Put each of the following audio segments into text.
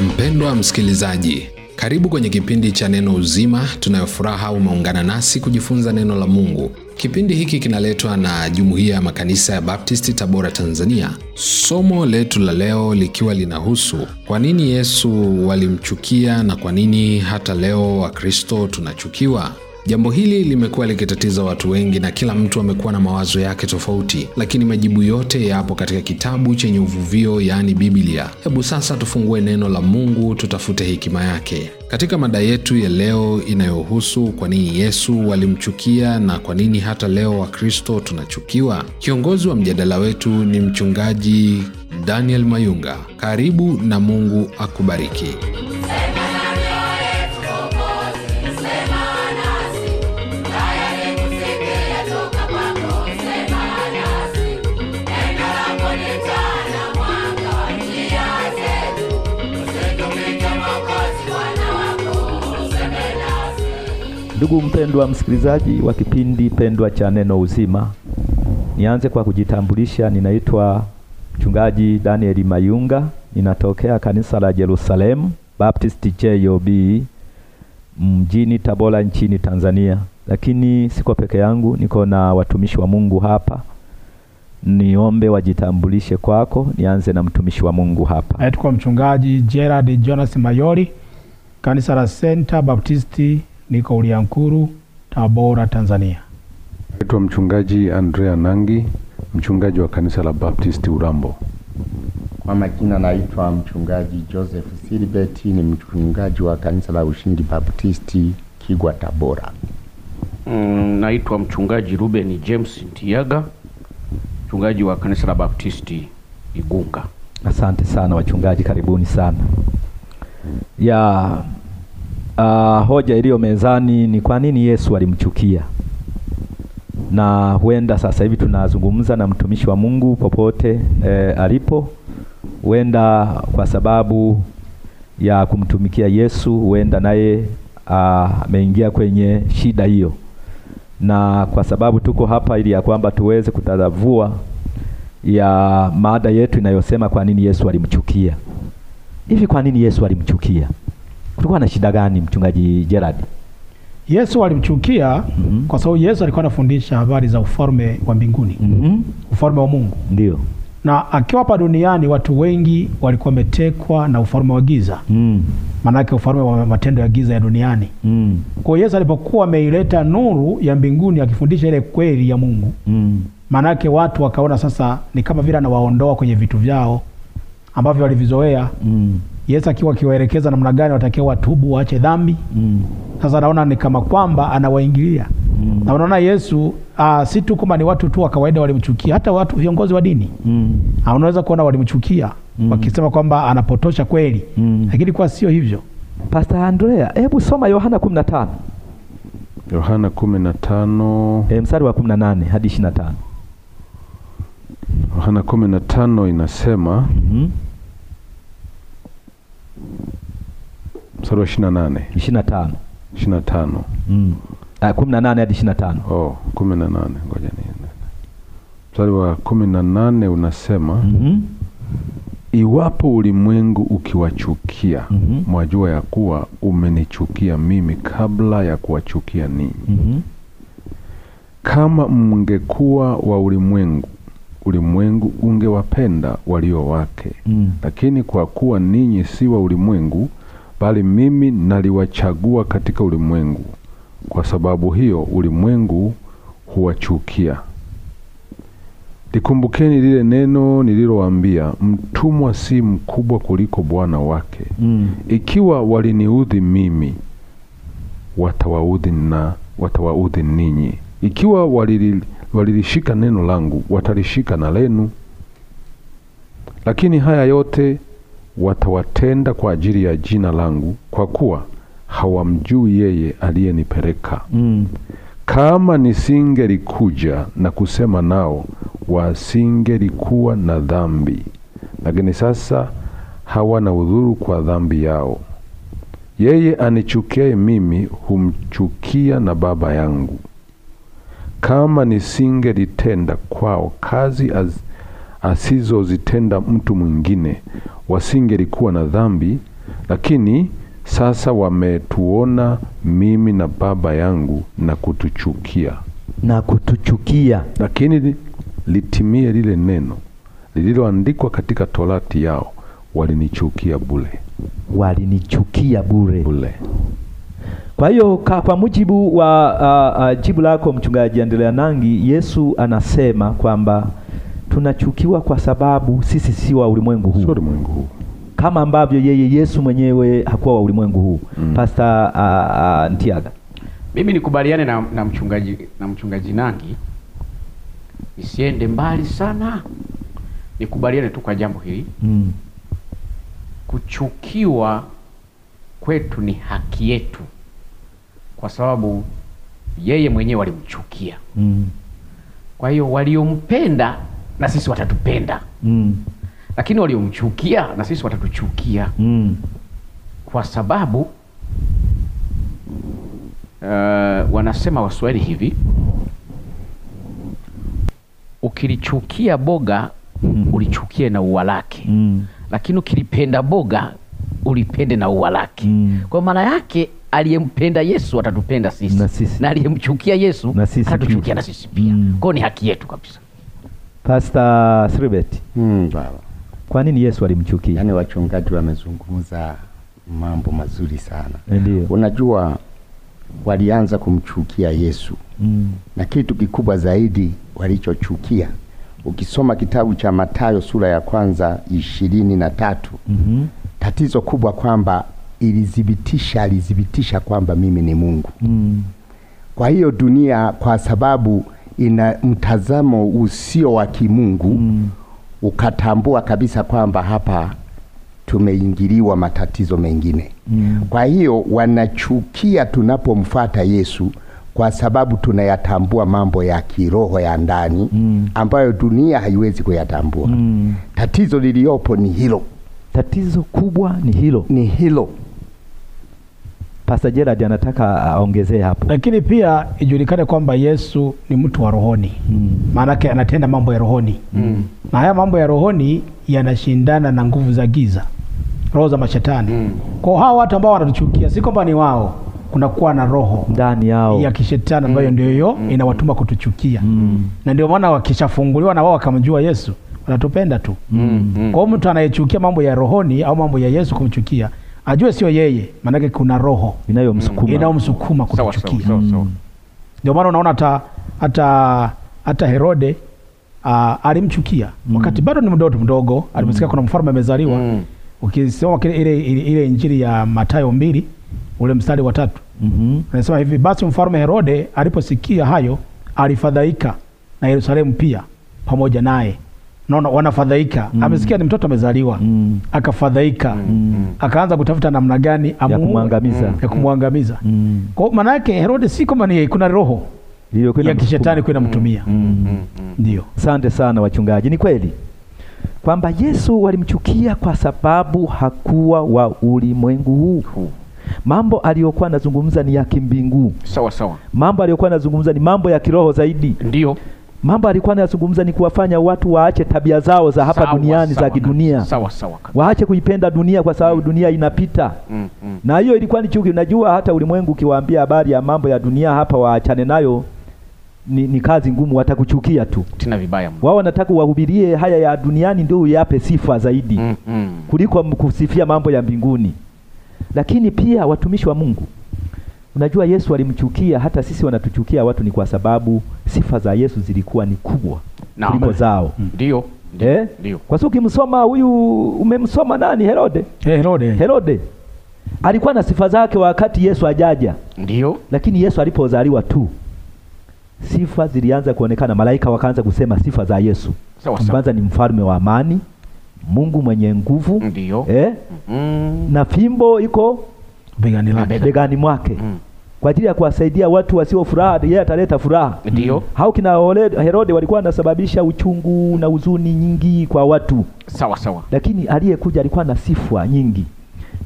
Mpendwa msikilizaji, karibu kwenye kipindi cha Neno Uzima. Tunayofuraha umeungana nasi kujifunza neno la Mungu. Kipindi hiki kinaletwa na Jumuiya ya Makanisa ya Baptisti, Tabora, Tanzania. Somo letu la leo likiwa linahusu kwa nini Yesu walimchukia na kwa nini hata leo Wakristo tunachukiwa. Jambo hili limekuwa likitatiza watu wengi na kila mtu amekuwa na mawazo yake tofauti, lakini majibu yote yapo katika kitabu chenye uvuvio, yaani Biblia. Hebu sasa tufungue neno la Mungu, tutafute hekima yake katika mada yetu ya leo inayohusu kwa nini Yesu walimchukia na kwa nini hata leo Wakristo tunachukiwa. Kiongozi wa mjadala wetu ni mchungaji Daniel Mayunga. Karibu na Mungu akubariki. Ndugu mpendwa msikilizaji wa kipindi pendwa cha Neno Uzima, nianze kwa kujitambulisha. Ninaitwa Mchungaji Danieli Mayunga, ninatokea kanisa la Jerusalemu Baptist JOB mjini Tabora nchini Tanzania, lakini siko peke yangu, niko na watumishi wa Mungu hapa. Niombe wajitambulishe kwako. Nianze na mtumishi wa Mungu hapa. Naitwa Mchungaji Gerard Jonas Mayori, kanisa la Center Baptisti niko Uliankuru, Tabora, Tanzania. Naitwa mchungaji Andrea Nangi, mchungaji wa kanisa la Baptisti Urambo. Kwa majina naitwa mchungaji Joseph Silibeti, ni mchungaji wa kanisa la Ushindi Baptisti Kigwa, Tabora. Mm, naitwa mchungaji Ruben James Ntiaga, mchungaji wa kanisa la Baptisti Igunga. Asante sana wachungaji, karibuni sana ya uh, hoja iliyo mezani ni kwa nini Yesu alimchukia, na huenda sasa hivi tunazungumza na mtumishi wa Mungu popote e, alipo, huenda kwa sababu ya kumtumikia Yesu, huenda naye ah, ameingia kwenye shida hiyo, na kwa sababu tuko hapa ili ya kwamba tuweze kutadavua ya mada yetu inayosema kwa nini Yesu alimchukia. Hivi kwa nini Yesu alimchukia? kulikuwa na shida gani mchungaji Gerard? Yesu alimchukia mm -hmm. kwa sababu Yesu alikuwa anafundisha habari za ufalme wa mbinguni mm -hmm. ufalme wa Mungu ndio, na akiwa hapa duniani watu wengi walikuwa wametekwa na ufalme wa giza mm. Maanake ufalme wa matendo ya giza ya duniani mm. Kwa Yesu alipokuwa ameileta nuru ya mbinguni akifundisha ile kweli ya Mungu mm. Maanake watu wakaona sasa ni kama vile anawaondoa kwenye vitu vyao ambavyo walivizoea mm. Yesu akiwa akiwaelekeza namna gani watakiwa watubu waache dhambi mm. Sasa naona ni kama kwamba anawaingilia mm. na unaona Yesu uh, si tu kama ni watu tu wa kawaida walimchukia, hata watu viongozi wa dini mm. Ah, unaweza kuona walimchukia mm. wakisema kwamba anapotosha kweli mm. lakini kwa sio hivyo. Pastor Andrea, hebu soma Yohana 15 Yohana 15 e, eh, mstari wa 18 hadi 25. Yohana 15 inasema mm -hmm mstari wa 28. 25. tano Mm. Ah, nane hadi 25. Oh, 18. Ngoja ni. Mstari wa nane unasema mm -hmm. Iwapo ulimwengu ukiwachukia mm -hmm. mwajua ya kuwa umenichukia mimi kabla ya kuwachukia ninyi. mm -hmm. Kama mngekuwa wa ulimwengu ulimwengu ungewapenda walio wake mm. Lakini kwa kuwa ninyi si wa ulimwengu, bali mimi naliwachagua katika ulimwengu, kwa sababu hiyo ulimwengu huwachukia. Likumbukeni lile neno nililowaambia, mtumwa si mkubwa kuliko bwana wake. mm. Ikiwa waliniudhi mimi, watawaudhi na watawaudhi ninyi. Ikiwa walili walilishika neno langu, watalishika na lenu. Lakini haya yote watawatenda kwa ajili ya jina langu, kwa kuwa hawamjui yeye aliyenipeleka. Mm. Kama nisingelikuja na kusema nao, wasingelikuwa na dhambi, lakini sasa hawana udhuru kwa dhambi yao. Yeye anichukiaye mimi humchukia na Baba yangu kama nisingelitenda kwao kazi az, asizozitenda mtu mwingine, wasingelikuwa na dhambi, lakini sasa wametuona mimi na Baba yangu na kutuchukia na kutuchukia. Lakini litimie lile neno lililoandikwa katika Torati yao, walinichukia bure, walinichukia bure, bure. Kwa hiyo kwa mujibu wa uh, uh, jibu lako mchungaji Andrea Nangi, Yesu anasema kwamba tunachukiwa kwa sababu sisi si wa ulimwengu huu, Si ulimwengu huu kama ambavyo yeye Yesu mwenyewe hakuwa wa ulimwengu huu mm. Pasta uh, uh, Ntiaga, mimi nikubaliane na, na mchungaji na mchungaji Nangi, nisiende mbali sana, nikubaliane tu kwa jambo hili mm. Kuchukiwa kwetu ni haki yetu kwa sababu yeye mwenyewe walimchukia. mm. Kwa hiyo waliompenda na sisi watatupenda. mm. Lakini waliomchukia na sisi watatuchukia. mm. Kwa sababu uh, wanasema Waswahili hivi, ukilichukia boga mm. ulichukie na ua lake. mm. Lakini ukilipenda boga ulipende na ua lake. mm. Kwa maana yake aliyempenda Yesu atatupenda sisi na, na aliyemchukia Yesu atatuchukia na sisi pia mm. Kwao ni haki yetu kabisa. Pastor Sribet, mm, baba, kwa nini Yesu alimchukia? Yaani wachungaji wamezungumza mambo mazuri sana. Ndiyo. Unajua walianza kumchukia Yesu mm. na kitu kikubwa zaidi walichochukia ukisoma kitabu cha Mathayo sura ya kwanza ishirini na tatu mm -hmm. tatizo kubwa kwamba ilithibitisha, alithibitisha kwamba mimi ni Mungu mm. Kwa hiyo dunia, kwa sababu ina mtazamo usio wa kimungu mm. ukatambua kabisa kwamba hapa tumeingiliwa matatizo mengine mm. Kwa hiyo wanachukia tunapomfuata Yesu kwa sababu tunayatambua mambo ya kiroho ya ndani mm. ambayo dunia haiwezi kuyatambua mm. Tatizo liliyopo ni hilo, tatizo kubwa ni hilo, ni hilo. Pastor Gerard anataka aongezee hapo, lakini pia ijulikane kwamba Yesu ni mtu wa rohoni mm. Maanake anatenda mambo ya rohoni mm. na haya mambo ya rohoni yanashindana na nguvu za giza, roho za mashetani mm. Kwa hao watu ambao wanatuchukia, si kwamba ni wao kunakuwa na roho ndani yao ya kishetani ambayo mm. ndio hiyo mm. inawatuma kutuchukia mm. na ndio maana wakishafunguliwa na wao wakamjua Yesu wanatupenda tu mm. Kwa hiyo mtu anayechukia mambo ya rohoni au mambo ya Yesu kumchukia ajue sio yeye, maanake kuna roho inayomsukuma inayomsukuma kuchukia. Mm. Ndio maana unaona hata hata hata Herode uh, alimchukia mm. wakati bado ni mdoto mdogo aliposikia mm. kuna mfalme amezaliwa mm. ukisoma ile, ile Injili ya Mathayo mbili ule mstari wa tatu mm -hmm. hivi, basi mfalme Herode aliposikia hayo alifadhaika na Yerusalemu pia pamoja naye naona wanafadhaika mm. Amesikia ni mtoto amezaliwa mm. Akafadhaika mm. mm. Akaanza kutafuta namna gani ya kumwangamiza, mm. ya mm. kumwangamiza. Mm. Kwa maana yake Herode si kama ni kuna roho ya kishetani mtumia ndio mm. Ndio. Asante sana wachungaji, ni kweli kwamba Yesu walimchukia kwa sababu hakuwa wa ulimwengu huu mambo aliyokuwa anazungumza ni ya kimbingu. Sawa sawa. Mambo aliyokuwa anazungumza ni mambo ya kiroho zaidi. Ndio mambo alikuwa anayazungumza ni kuwafanya watu waache tabia zao za hapa sawa, duniani sawa, za kidunia sawa, sawa, waache kuipenda dunia kwa sababu mm. dunia inapita mm, mm. na hiyo ilikuwa ni chuki. Unajua, hata ulimwengu ukiwaambia habari ya mambo ya dunia hapa waachane nayo ni, ni kazi ngumu, watakuchukia tu tena vibaya. Wao wanataka wahubirie haya ya duniani ndio uyape sifa zaidi mm, mm. kuliko kusifia mambo ya mbinguni. Lakini pia watumishi wa Mungu, unajua Yesu alimchukia, hata sisi wanatuchukia watu ni kwa sababu sifa za Yesu zilikuwa ni kubwa kuliko zao. Mm. Ndio. Eh? Ndio. Kwa sababu ukimsoma huyu umemsoma nani Herode? Hey, eh, Herode. Herode. Alikuwa na sifa zake wakati Yesu ajaja. Ndio. Lakini Yesu alipozaliwa tu sifa zilianza kuonekana, malaika wakaanza kusema sifa za Yesu. Kwanza ni mfalme wa amani, Mungu mwenye nguvu. Ndio. Eh? Mm -hmm. Na fimbo iko begani mwake. Mm kwa ajili ya kuwasaidia watu wasio furaha, yeye ataleta furaha. Ndio hao kina Herode walikuwa wanasababisha uchungu na huzuni nyingi kwa watu, sawa sawa, lakini aliyekuja alikuwa na sifa nyingi.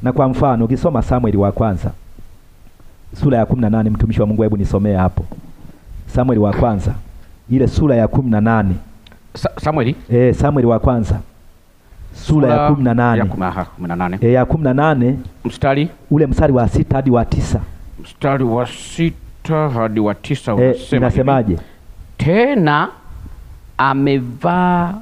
Na kwa mfano ukisoma Samueli wa kwanza sura ya kumi na nane mtumishi wa Mungu, hebu nisomee hapo Samueli wa kwanza ile sura ya kumi na nane Sa Samueli eh, Samueli wa kwanza sura ya kumi na nane e, ya kumi na nane mstari ule mstari wa sita hadi wa tisa mstari wa sita hadi wa tisa eh, unasema, inasemaje? Tena amevaa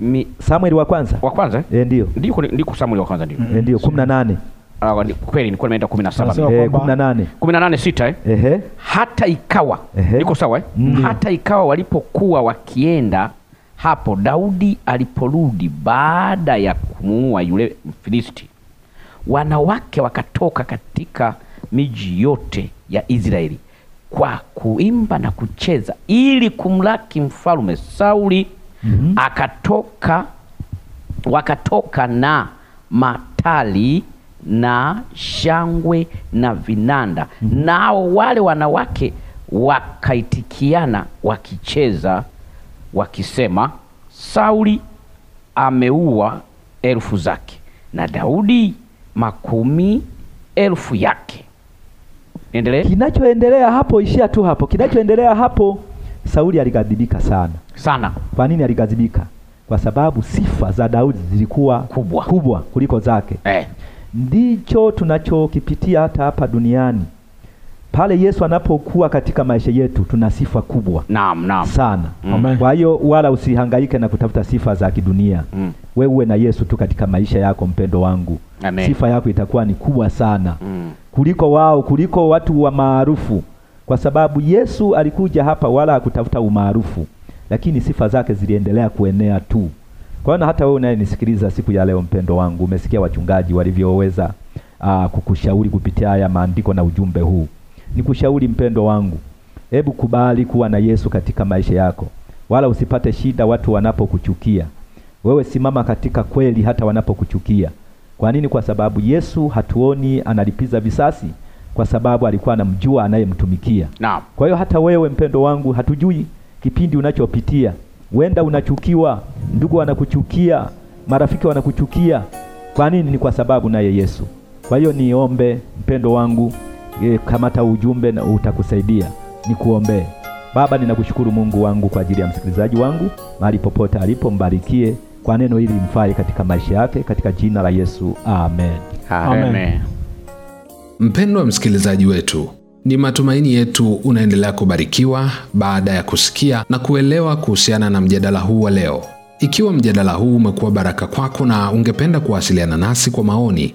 mi... Samueli wa kwanza wa kwanza e, ndio ndiko ndiko Samueli wa kwanza ndio e, ndio 18 Uh, ah, kweli nilikuwa nimeenda kumi na saba kumi na nane kumi na nane sita eh. hata ikawa niko sawa eh? mm. hata ikawa walipokuwa wakienda hapo, Daudi aliporudi baada ya kumuua yule Mfilisti, wanawake wakatoka katika miji yote ya Israeli kwa kuimba na kucheza ili kumlaki mfalme Sauli. mm -hmm. Akatoka, wakatoka na matali na shangwe na vinanda. mm -hmm. Nao wale wanawake wakaitikiana wakicheza wakisema, Sauli ameua elfu zake na Daudi makumi elfu yake. Endelea. Kinachoendelea hapo, ishia tu hapo. Kinachoendelea hapo, Sauli aligadhibika sana sana. Kwa nini aligadhibika? Kwa sababu sifa za Daudi zilikuwa kubwa kubwa kuliko zake eh. Ndicho tunachokipitia hata hapa duniani pale Yesu anapokuwa katika maisha yetu tuna sifa kubwa naam, naam. sana mm. Kwa hiyo wala usihangaike na kutafuta sifa za kidunia mm. We uwe na Yesu tu katika maisha yako, mpendo wangu Amen. Sifa yako itakuwa ni kubwa sana mm. kuliko wao, kuliko watu wa maarufu, kwa sababu Yesu alikuja hapa wala hakutafuta umaarufu, lakini sifa zake ziliendelea kuenea tu. Kwa hiyo hata wewe unayenisikiliza siku ya leo, mpendo wangu, umesikia wachungaji walivyoweza ah, kukushauri kupitia haya maandiko na ujumbe huu Nikushauri mpendwa wangu, hebu kubali kuwa na Yesu katika maisha yako, wala usipate shida watu wanapokuchukia wewe. Simama katika kweli hata wanapokuchukia. Kwa nini? Kwa sababu Yesu hatuoni analipiza visasi, kwa sababu alikuwa anamjua anayemtumikia. Naam. Kwa hiyo hata wewe mpendo wangu, hatujui kipindi unachopitia. Wenda unachukiwa, ndugu wanakuchukia, marafiki wanakuchukia. Kwa nini? Ni kwa sababu naye Yesu. Kwa hiyo niombe mpendo wangu e, kamata ujumbe na utakusaidia. Nikuombee. Baba, ninakushukuru Mungu wangu kwa ajili ya msikilizaji wangu, mahali popote alipo, mbarikie kwa neno hili mfaye katika maisha yake, katika jina la Yesu amen. Amen. Amen. wa msikilizaji wetu, ni matumaini yetu unaendelea kubarikiwa baada ya kusikia na kuelewa kuhusiana na mjadala huu wa leo. Ikiwa mjadala huu umekuwa baraka kwako na ungependa kuwasiliana nasi kwa maoni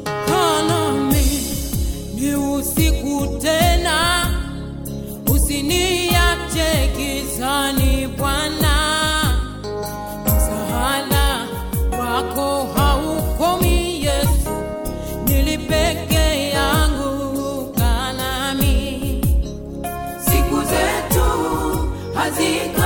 quase